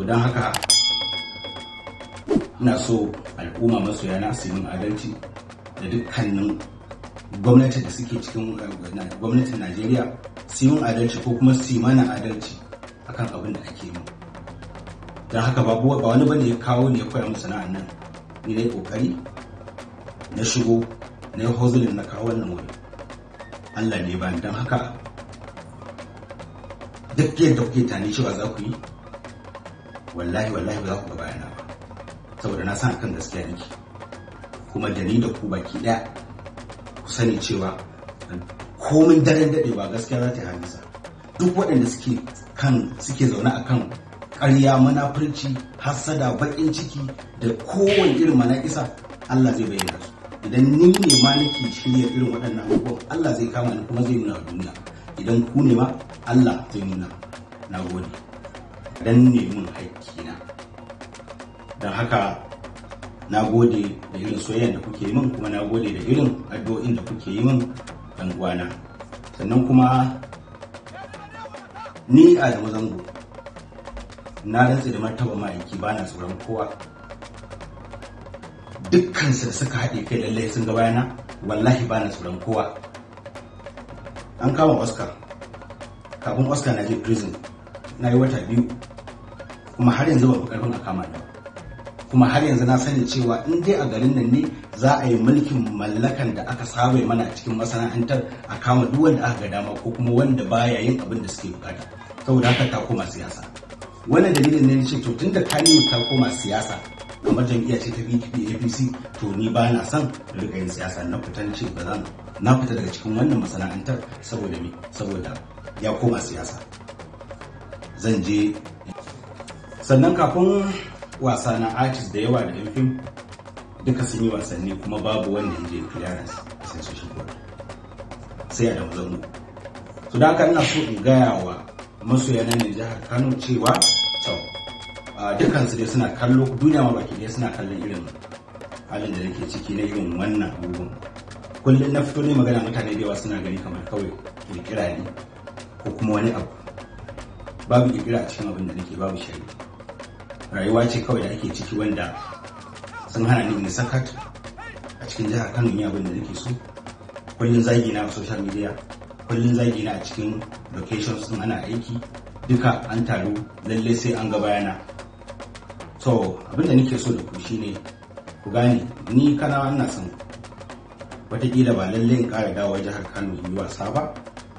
to don haka ina so al'umma masu yana min adalci da dukkanin gwamnati da suke cikin gwamnatin najeriya su yi adalci ko kuma su mana adalci akan abin da ake yi don haka ba wani bane ya kawo ne ya koya musu sana'an nan ni na yi kokari na shigo na yi hozulin na kawo wannan wuri allah ne ba don haka duk yadda kuke tani cewa za ku yi wallahi wallahi ba za ku ga bayana ba saboda na san kan gaskiya nake kuma da ni da ku baki ɗaya ku sani cewa komin daren ba gaskiya za ta halisa duk waɗanda suke kan suke zaune a kan ƙarya munafurci hassada baƙin ciki da kowane irin mana'isa Allah zai bayyana su idan ni ne ma nake shirya irin waɗannan abubuwan Allah zai kama ni kuma zai nuna duniya idan ku ne ma Allah zai nuna na gode dan mun haƙƙina don haka na gode da irin soyayyar da kuke yi min kuma na gode da irin addu'o'in da kuke yi min ɗan gwana. sannan kuma ni a da zango na rantse da martaba ma'aiki ba na tsoron kowa dukkan su suka haɗe kai lallai sun ga bayana wallahi ba na tsoron kowa an kama oscar kafin oscar na je prison na yi wata biyu kuma har yanzu babu karfin a kama da kuma har yanzu na sani cewa in dai a garin nan ne za a yi mulkin mallakan da aka saba mana a cikin masana'antar a kama duk wanda aka ga dama ko kuma wanda baya yin abin da suke bukata saboda haka ta koma siyasa wannan dalilin ne ce to tunda kaniyu ta koma siyasa kamar jam'iyya ce ta PDP APC to ni ba na son rika yin siyasa na fitan ce ba zan na fita daga cikin wannan masana'antar saboda me saboda ya koma siyasa zan je sannan kafin wasa na artist da yawa da yankin fim duka sun yi wasanni kuma babu wanda ya je clearance sai su shigo sai a damu zango su da haka ina so in gaya wa masoya na jihar kano cewa a dukansu dai suna kallo duniya ma baki dai suna kallon irin halin da nake ciki na irin wannan abubuwan kullum na fito ne magana mutane da yawa suna gani kamar kawai kirkira ne ko kuma wani abu babu kirkira a cikin abin da nake babu shari'a rayuwa ce kawai da ake ciki wanda sun hana ni in sakat a cikin jihar kano ni abin da nake so kullun zagi na a social media kullun zagi na a cikin locations sun ana aiki duka an taru lalle sai an ga bayana so abin da nake so da ku shine ku gane ni kana ina son wataƙila ba lalle in ƙara dawo jihar kano yi wasa ba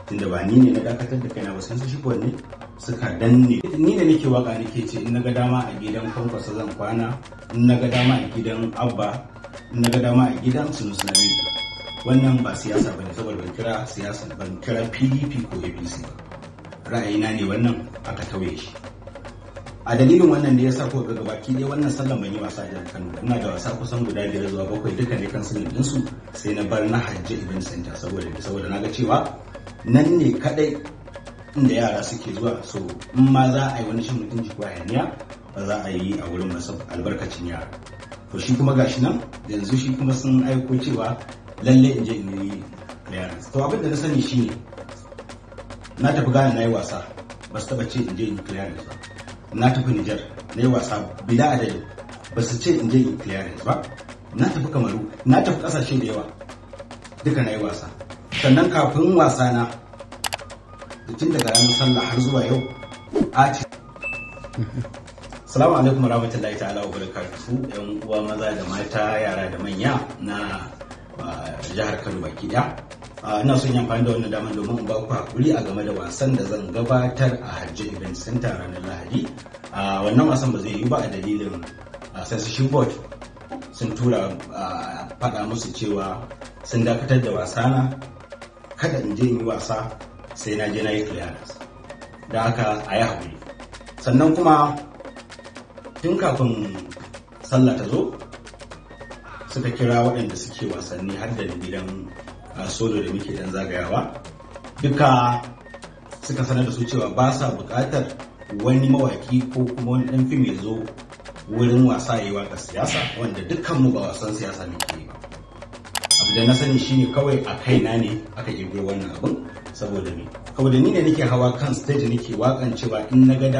tunda ba ni ne na dakatar da kaina ba sai su shi ne suka danne ni da nake waka nake ce in naga dama a gidan kwankwasa zan kwana in naga dama a gidan abba in naga dama a gidan sunus wannan ba siyasa ba ne saboda ban kira siyasa ban kira pdp ko apc ba ra'ayina ne wannan aka tauye shi a dalilin wannan da ya sa kuka ga baki dai wannan sallan ban yi wasa da Kano ina da wasa kusan guda biyar zuwa bakwai duka ne kan sunan dinsu sai na bar na Hajji Event Center saboda saboda na ga cewa nan ne kadai inda yara suke zuwa so in ma za a yi wani shin mutunci ko hayaniya ba za a yi a wurin masu albarkacin yara to shi kuma gashi nan yanzu shi kuma sun aiko cewa lalle in je in yi yara to abin da na sani shi ne na tafi gane na yi wasa ba su taba ce in je in clearance ba na tafi Nijar na yi wasa bila adadin ba su ce in je in clearance ba na tafi Kamaru na tafi kasashe da yawa duka na yi wasa sannan kafin wasa na tun daga ranar sallah har zuwa yau ce salamu alaikum rahmatullahi ta'ala wa barakatu yan uwa maza da mata yara da manya na jihar kano baki daya ina son yi amfani da wannan damar domin in ba ku hakuri a game da wasan da zan gabatar a hajji event center ranar lahadi wannan wasan ba zai yi ba a dalilin censorship board sun tura faɗa musu cewa sun dakatar da wasana kada in je in yi wasa sai na je na yi clearance da haka a yi haƙuri sannan kuma tun kafin sallah ta zo suka kira waɗanda suke wasanni har da gidan ah, solo da muke dan zagayawa duka suka sanar da su cewa ba sa buƙatar wani mawaki ko kuma wani ɗan fim ya zo wurin wasa yi waƙar siyasa wanda dukkanmu ba wasan siyasa muke yi ba abu da na sani shine kawai a kaina ne aka kirkiro wannan abun saboda ni da ni ne nake hawa kan stage nake wakancewa in na ga